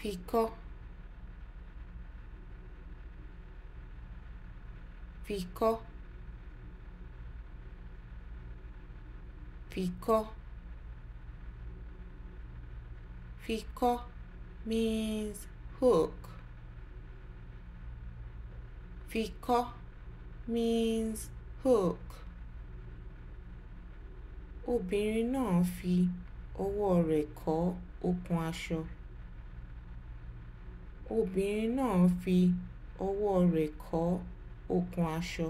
Fico, Fico, Fico, Fico means hook. Fico means hook. Obìnrin náà fi ọwọ́ rẹ̀ kọ́ okùn aṣọ. Obìnrin náà fi ọwọ́ rẹ̀ kọ́ okùn aṣọ.